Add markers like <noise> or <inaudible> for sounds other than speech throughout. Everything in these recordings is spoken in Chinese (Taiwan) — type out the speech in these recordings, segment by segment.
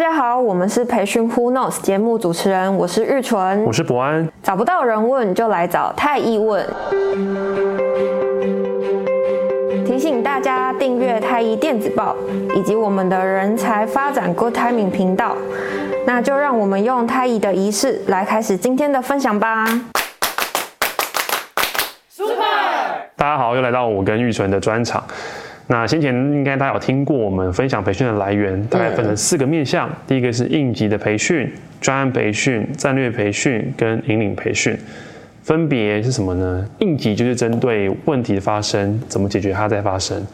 大家好，我們是培訓 Who Knows 節目主持人，我是玉純，我是博安。找不到人問就來找太醫問。提醒大家訂閱太醫電子報以及我們的人才發展 Good Timing 頻道。那就讓我們用太醫的儀式來開始今天的分享吧。Super！大家好，又來到我跟玉純的專場。那先前應該大家有聽過我們分享培訓的來源，大概分成四個面向。第一個是應急的培訓、專案培訓、戰略培訓跟引領培訓，分別是什麼呢？應急就是針對問題的發生，怎麼解決它再發生。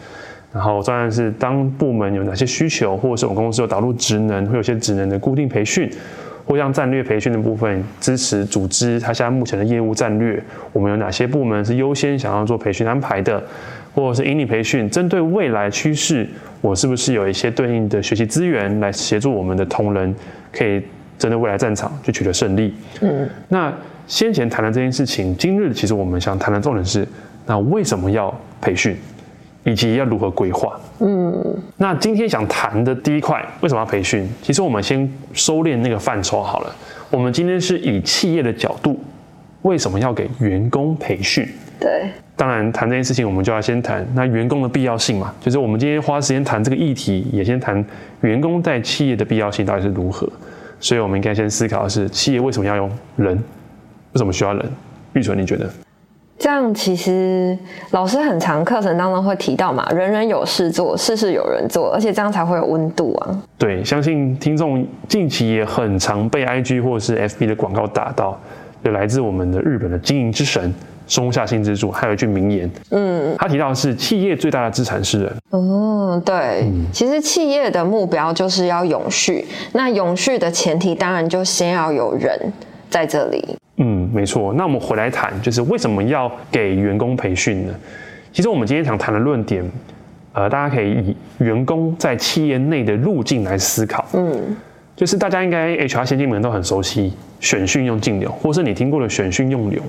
然後專案是當部門有哪些需求，或是我們公司有導入職能，會有些職能的固定培訓。或像戰略培訓的部分，支持組織它現在目前的業務戰略，我們有哪些部門是優先想要做培訓安排的，或者是引領培訓，針對未來趨勢，我是不是有一些對應的學習資源來協助我們的同仁，可以針對未來戰場去取得勝利？嗯，那先前談的這件事情，今日其實我們想談的重點是，那為什麼要培訓？以及要如何規劃？嗯，那今天想談的第一塊，為什麼要培訓？其實我們先收斂那個範疇好了。我們今天是以企業的角度，為什麼要給員工培訓？對，當然談這件事情，我們就要先談那員工的必要性嘛，就是我們今天花時間談這個議題，也先談員工在企業的必要性到底是如何。所以我們應該先思考的是，企業為什麼要用人？為什麼需要人？玉純，你覺得？這樣其實老師很常，課程當中會提到嘛，人人有事做，事事有人做，而且這樣才會有溫度啊。對，相信聽眾近期也很常被 I G 或是 F B 的廣告打到，就來自我們的日本的經營之神松下幸之助，還有一句名言，嗯，他提到的是企業最大的資產是人。哦、嗯，對、嗯，其實企業的目標就是要永續，那永續的前提當然就先要有人。在這裡，嗯，沒錯。那我們回來談，就是為什麼要給員工培訓呢？其實我們今天想談的論點，呃，大家可以以員工在企業內的路徑來思考，嗯，就是大家應該 HR 先進們都很熟悉選訓用晉留，或是你聽過的選訓用留。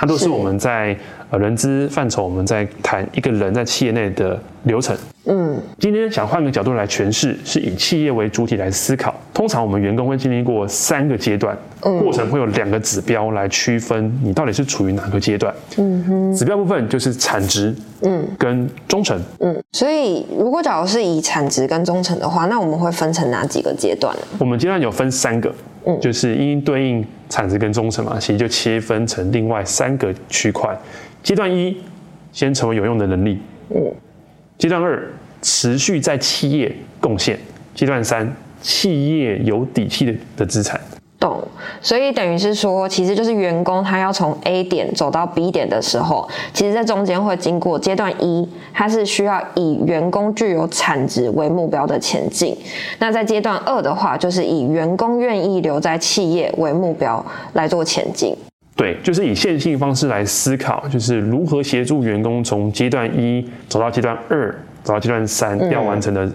它都是我們在呃人資範疇，我們在談一個人在企業內的流程。嗯，今天想換個角度來詮釋，是以企業為主體來思考。通常我們員工會經歷過三個階段，嗯，過程會有兩個指標來區分你到底是處於哪個階段。嗯哼，指標部分就是產值，嗯，跟忠誠。嗯，所以如果假如是以產值跟忠誠的話，那我們會分成哪幾個階段呢？我們階段有分三個。嗯，就是因對應產值跟忠誠嘛，其實就切分成另外三個區塊。階段一，先成為有用的能力。嗯。階段二，持續在企業貢獻。階段三，企業有底氣的的資產。所以等於是說，其實就是員工他要從 A 點走到 B 點的時候，其實在中間會經過階段一，他是需要以員工具有產值為目標的前進。那在階段二的話，就是以員工願意留在企業為目標來做前進。對，就是以線性方式來思考，就是如何協助員工從階段一走到階段二，走到階段三，嗯，要完成的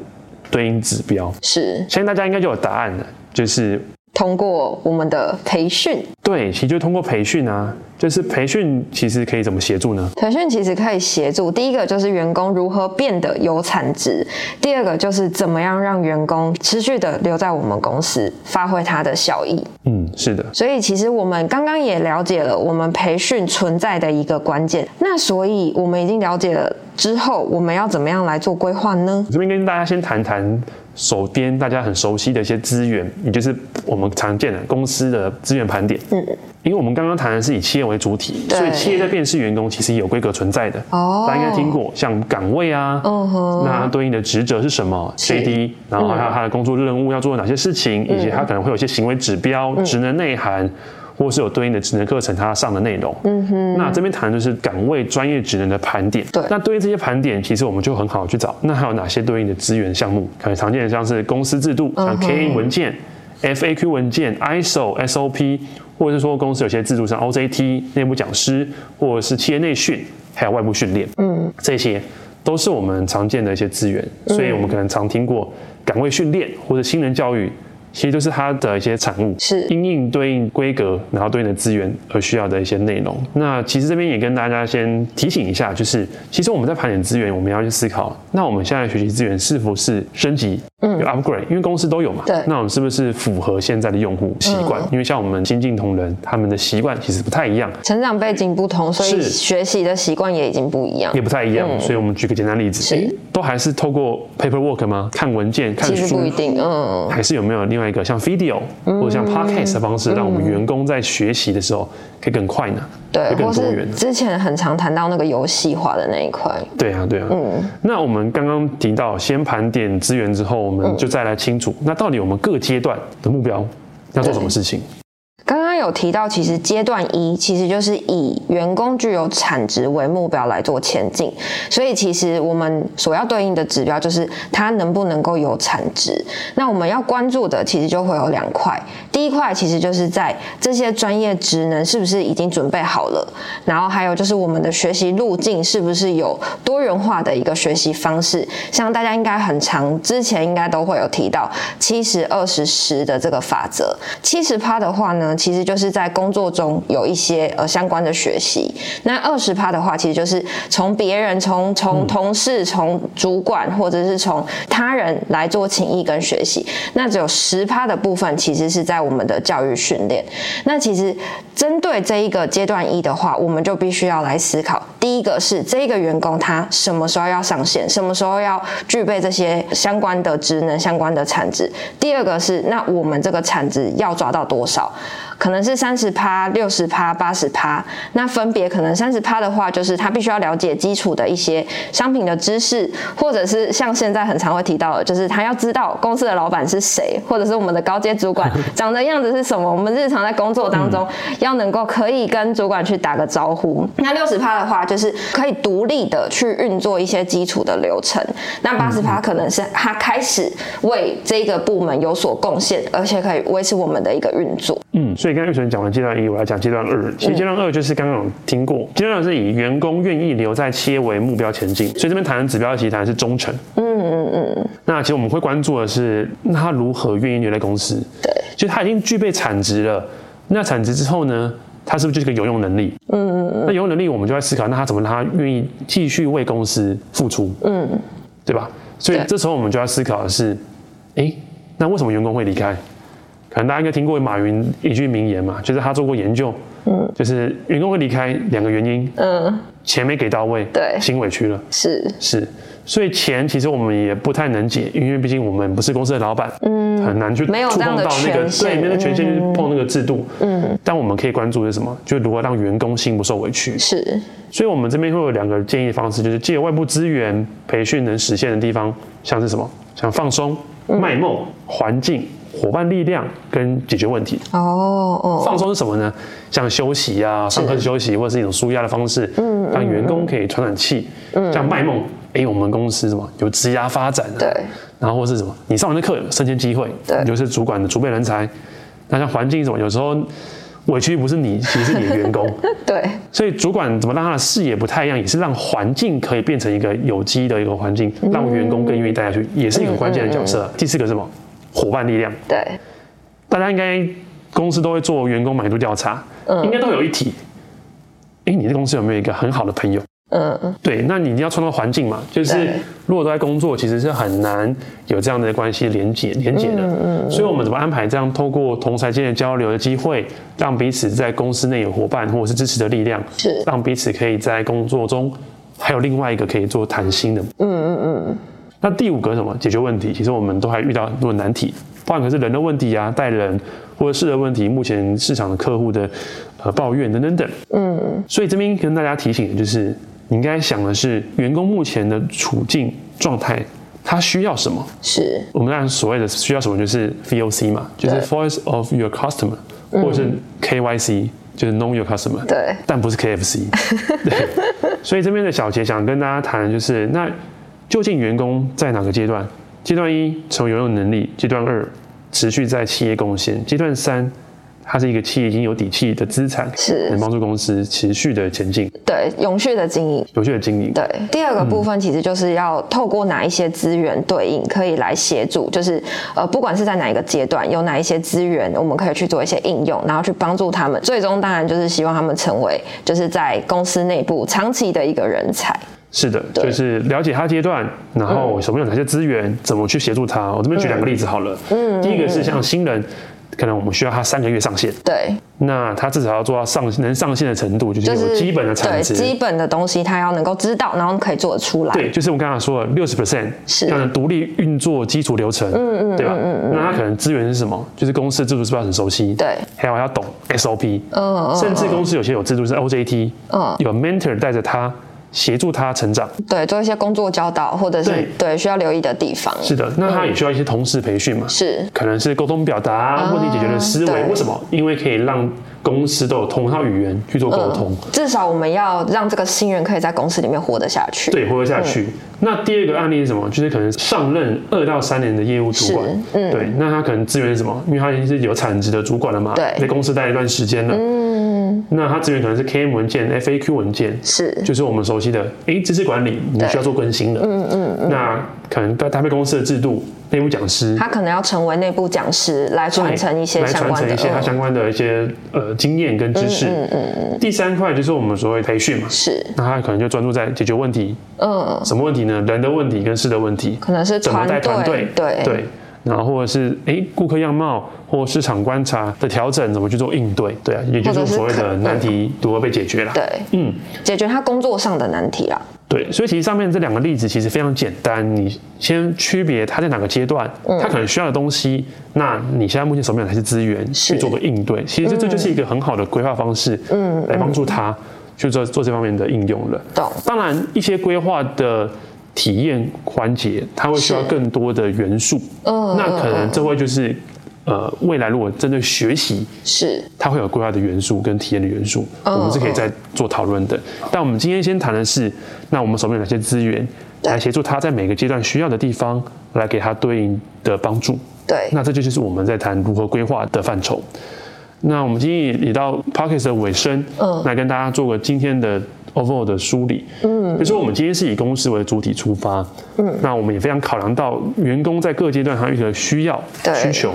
對應指標。是，相信大家應該就有答案了，就是。通過我們的培訓，對，其實就通過培訓啊，就是培訓其實可以怎麼協助呢？培訓其實可以協助，第一個就是員工如何變得有產值，第二個就是怎麼樣讓員工持續的留在我們公司，發揮他的效益。嗯，是的。所以其實我們剛剛也了解了我們培訓存在的一個關鍵，那所以我們已經了解了之後，我們要怎麼樣來做規劃呢？我這邊跟大家先談談。手邊大家很熟悉的一些資源，也就是我們常見的公司的資源盤點。嗯，因為我們剛剛談的是以企業為主體，所以企業在辨識員工其實也有規格存在的。哦，大家應該聽過，像崗位啊，哦、呵呵，那對應的職責是什麼？JD，然後還有他的工作任務要做哪些事情、嗯，以及他可能會有一些行為指標、嗯、職能內涵。或是有對應的職能課程，它上的內容。嗯哼。那這邊談的就是崗位專業職能的盤點。對。那對於這些盤點，其實我們就很好去找。那還有哪些對應的資源項目？可能常見的像是公司制度，像 K A 文件、嗯、F A Q 文件、I S O、S O P，或者是說公司有些制度像 O J T 內部講師，或者是企業內訓，還有外部訓練。嗯。這些都是我們常見的一些資源，所以我們可能常聽過崗位訓練或者新人教育。其實都是它的一些產物，是因應對應規格，然後對應的資源而需要的一些內容。那其實這邊也跟大家先提醒一下，就是其實我們在盤點資源，我們要去思考，那我們現在學習資源是否是升級？嗯、有 upgrade，因為公司都有嘛。對，那我們是不是符合現在的用戶習慣？嗯、因為像我們新進同仁，他們的習慣其實不太一樣，成長背景不同，所以學習的習慣也已經不一樣，也不太一樣、嗯。所以我們舉個簡單例子，都還是透過 paperwork 嗎？看文件、看書，不一定。嗯，還是有沒有另外一個像 video 或者像 podcast 的方式、嗯，讓我們員工在學習的時候、嗯、可以更快呢？對，或是之前很常談到那個遊戲化的那一塊。對啊，對啊。嗯，那我們剛剛提到先盤點資源之後，我們就再來清楚，嗯、那到底我們各階段的目標要做什麼事情？有提到，其實階段一其實就是以員工具有產值為目標來做前進，所以其實我們所要對應的指標就是他能不能夠有產值。那我們要關注的其實就會有兩塊，第一塊其實就是在這些專業職能是不是已經準備好了，然後還有就是我們的學習路徑是不是有多元化的一個學習方式。像大家應該很常之前應該都會有提到七十二十十的這個法則，七十趴的話呢，其實就是。就是在工作中有一些呃相關的學習。那二十趴的話，其實就是從別人、從從同事、從主管或者是從他人來做請益跟學習。那只有十趴的部分，其實是在我們的教育訓練。那其實針對這一個階段一的話，我們就必須要來思考：第一個是這個員工他什麼時候要上線，什麼時候要具備這些相關的職能、相關的產值；第二個是那我們這個產值要抓到多少？可能是三十趴、六十趴、八十趴，那分別可能三十趴的話，就是他必須要了解基礎的一些商品的知識，或者是像現在很常會提到的，就是他要知道公司的老闆是誰，或者是我們的高階主管長的樣子是什麼。 <laughs> 我們日常在工作當中要能夠可以跟主管去打個招呼。那六十趴的話，就是可以獨立的去運作一些基礎的流程。那八十趴可能是他開始為這個部門有所貢獻，而且可以維持我們的一個運作。嗯。所以剛剛玉泉講完階段一，我來講階段二。其實階段二就是剛剛有聽過，嗯、階段二是以員工願意留在企業為目標前進。所以這邊談的指標其實談的是忠誠。嗯嗯嗯。那其實我們會關注的是，那他如何願意留在公司？對。其實他已經具備產值了，那產值之後呢？他是不是就是個有用能力？嗯嗯嗯。那有用能力，我們就在思考，那他怎麼讓他願意繼續為公司付出？嗯，對吧？所以這時候我們就要思考的是，哎，那為什麼員工會離開？可能大家應該聽過馬雲一句名言嘛，就是他做過研究，嗯，就是員工會離開兩個原因，嗯，錢沒給到位，對，心委屈了，是是，所以錢其實我們也不太能解，因為畢竟我們不是公司的老闆，嗯，很難去沒有觸碰到那個這裡面的權限，權限嗯，就是、碰那個制度，嗯，但我們可以關注的是什麼，就是如何讓員工心不受委屈，是，所以我們這邊會有兩個建議方式，就是借外部資源培訓能實現的地方，像是什麼，像放鬆、賣、嗯、夢、環境。夥伴力量跟解決問題哦哦。放鬆是什麼呢？像休息啊，上課休息或者是一種舒壓的方式，嗯，讓、嗯、員工可以喘喘氣。嗯，像賣夢，哎、嗯欸，我們公司什麼有職涯發展、啊，對，然後或是什麼，你上完的課有升遷機會，對，你就是主管的儲備人才。那像環境什麼，有時候委屈不是你，其實是你的員工。 <laughs> 對，所以主管怎麼讓他的視野不太一樣，也是讓環境可以變成一個有機的一個環境、嗯，讓員工更願意待下去，也是一個關鍵的角色。嗯嗯嗯、第四個是什麼？夥伴力量，對，大家應該公司都會做員工滿意度調查，嗯，應該都有一題，哎，你的公司有沒有一個很好的朋友？嗯嗯，對，那你一定要創造環境嘛，就是如果都在工作，其實是很難有這樣的關係連接連接的，嗯，嗯，嗯，所以我們怎麼安排這樣？透過同儕間的交流的機會，讓彼此在公司內有夥伴或者是支持的力量，是，讓彼此可以在工作中還有另外一個可以做談心的，嗯嗯嗯。那第五個是什麼解決問題？其實我們都還遇到很多難題，不管是人的問題呀、啊、帶人，或者是事的問題。目前市場的客戶的呃抱怨等等等。嗯。所以這邊跟大家提醒的就是，你應該想的是員工目前的處境狀態，他需要什麼？是我們當然所謂的需要什麼就是 VOC 嘛，就是 Voice of your customer，嗯、或者是 KYC，就是 Know your customer。對。但不是 KFC。 <laughs> 對。所以這邊的小杰想跟大家談的就是那。究竟員工在哪個階段？階段一，從擁有能力；階段二，持續在企業貢獻；階段三，它是一個企業已經有底氣的資產，是能幫助公司持續的前進。對，永續的經營，永續的經營。對，第二個部分其實就是要透過哪一些資源對應，可以來協助，嗯，就是呃，不管是在哪一個階段，有哪一些資源，我們可以去做一些應用，然後去幫助他們。最終當然就是希望他們成為，就是在公司內部長期的一個人才。是的，就是了解他階段，然後什麼有哪些資源、嗯，怎麼去協助他。我這邊舉兩個例子好了。嗯，第一個是像新人，嗯、可能我們需要他三個月上線。對。那他至少要做到上能上線的程度，就是有基本的產值，對基本的東西他要能夠知道，然後可以做得出來。對，就是我剛剛說的六十 percent，是要能獨立運作基礎流程，嗯嗯，對吧？嗯，嗯，嗯，那他可能資源是什麼？就是公司制度是不是很熟悉？對。還有要懂 SOP，嗯嗯，嗯，甚至公司有些有制度是 OJT，嗯，嗯，有 mentor 帶着他。協助他成長，對，做一些工作教導，或者是對，對需要留意的地方。是的，那他也需要一些同事培訓嘛、嗯？是，可能是溝通表達、問、啊、題解決的思維。為什麼？因為可以讓公司都有同一套語言去做溝通、嗯。至少我們要讓這個新人可以在公司裡面活得下去。對，活得下去。嗯、那第二個案例是什麼？就是可能上任二到三年的業務主管，嗯、對，那他可能資源是什麼？因為他已經是有產值的主管了嘛，對，在公司待一段時間了。嗯那他資源可能是 KM 文件、FAQ 文件，是，就是我們熟悉的。哎，知識管理，你需要做更新的。嗯嗯嗯。那可能搭配公司的制度，內部講師。他可能要成為內部講師，來傳承一些來傳承一些他相關的一些、嗯、呃經驗跟知識。嗯嗯嗯。第三塊就是我們所謂培訓嘛。是。那他可能就專注在解決問題。嗯。什麼問題呢？人的問題跟事的問題。可能是怎麼帶團隊？對對。然後或者是哎，顧客樣貌或市場觀察的調整，怎麼去做應對？對啊，也就是所謂的難題如何被解決了。對，對，嗯，解決他工作上的難題了、啊。對，所以其實上面這兩個例子其實非常簡單，你先區別他在哪個階段，嗯、他可能需要的東西，那你現在目前手邊有哪些資源去做個應對？其實這這就是一個很好的規劃方式，嗯，來幫助他去做做這方面的應用了。懂。當然，一些規劃的。體驗環節，他會需要更多的元素。嗯，oh, uh, 那可能這會就是、嗯，呃，未來如果針對學習是，它會有規劃的元素跟體驗的元素，oh, 我們是可以再做討論的。Oh. 但我們今天先談的是，那我們手邊有哪些資源來協助他在每個階段需要的地方，來給他對應的幫助。對，那這就是我們在談如何規劃的範疇。那我們今天也到 podcast 的尾聲，嗯、oh.，來跟大家做個今天的 overall 的梳理，嗯，比如說我們今天是以公司為主體出發，嗯，那我們也非常考量到員工在各階段他遇到的需要對需求。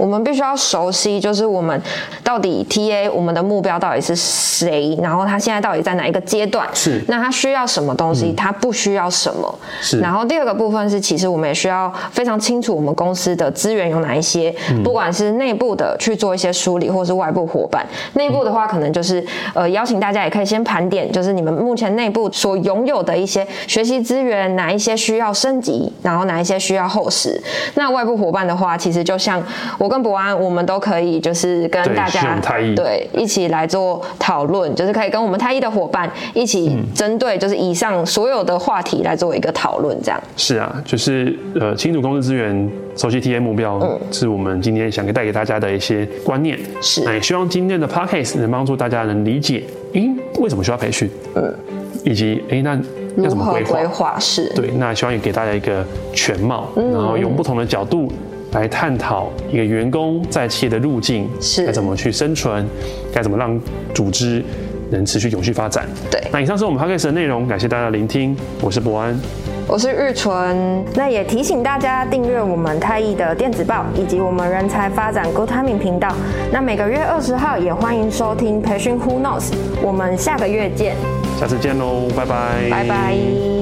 我們必須要熟悉，就是我們到底 TA 我們的目標到底是誰，然後他現在到底在哪一個階段？是。那他需要什麼東西、嗯？他不需要什麼？是。然後第二個部分是，其實我們也需要非常清楚我們公司的資源有哪一些，嗯、不管是內部的去做一些梳理，或是外部夥伴。內、嗯、部的話，可能就是呃邀請大家也可以先盤點，就是你們目前內部所擁有的一些學習資源，哪一些需要升級，然後哪一些需要厚實。那外部夥伴的話，其實就像我。跟博安，我們都可以就是跟大家對，對一起來做討論，就是可以跟我們太一的夥伴一起針對就是以上所有的話題來做一個討論，這樣、嗯、是啊，就是呃，清楚公司資源，熟悉 TA 目標、嗯，是我們今天想帶給大家的一些觀念，是，那也希望今天的 podcast 能幫助大家能理解，哎、欸，為什麼需要培訓，嗯，以及哎、欸、那要怎麼規劃，如何規劃是，對，那希望也給大家一個全貌，嗯嗯嗯，然後用不同的角度。來探討一個員工在企業的路徑是該怎麼去生存，該怎麼讓組織能持續永續發展。對，那以上是我們 Podcast 的內容，感謝大家的聆聽。我是博安，我是日純。那也提醒大家訂閱我們泰億的電子報，以及我們人才發展 Good Timing 頻道。那每個月二十號也歡迎收聽培訓 Who Knows。我們下個月見，下次見嘍，拜拜，嗯、拜拜。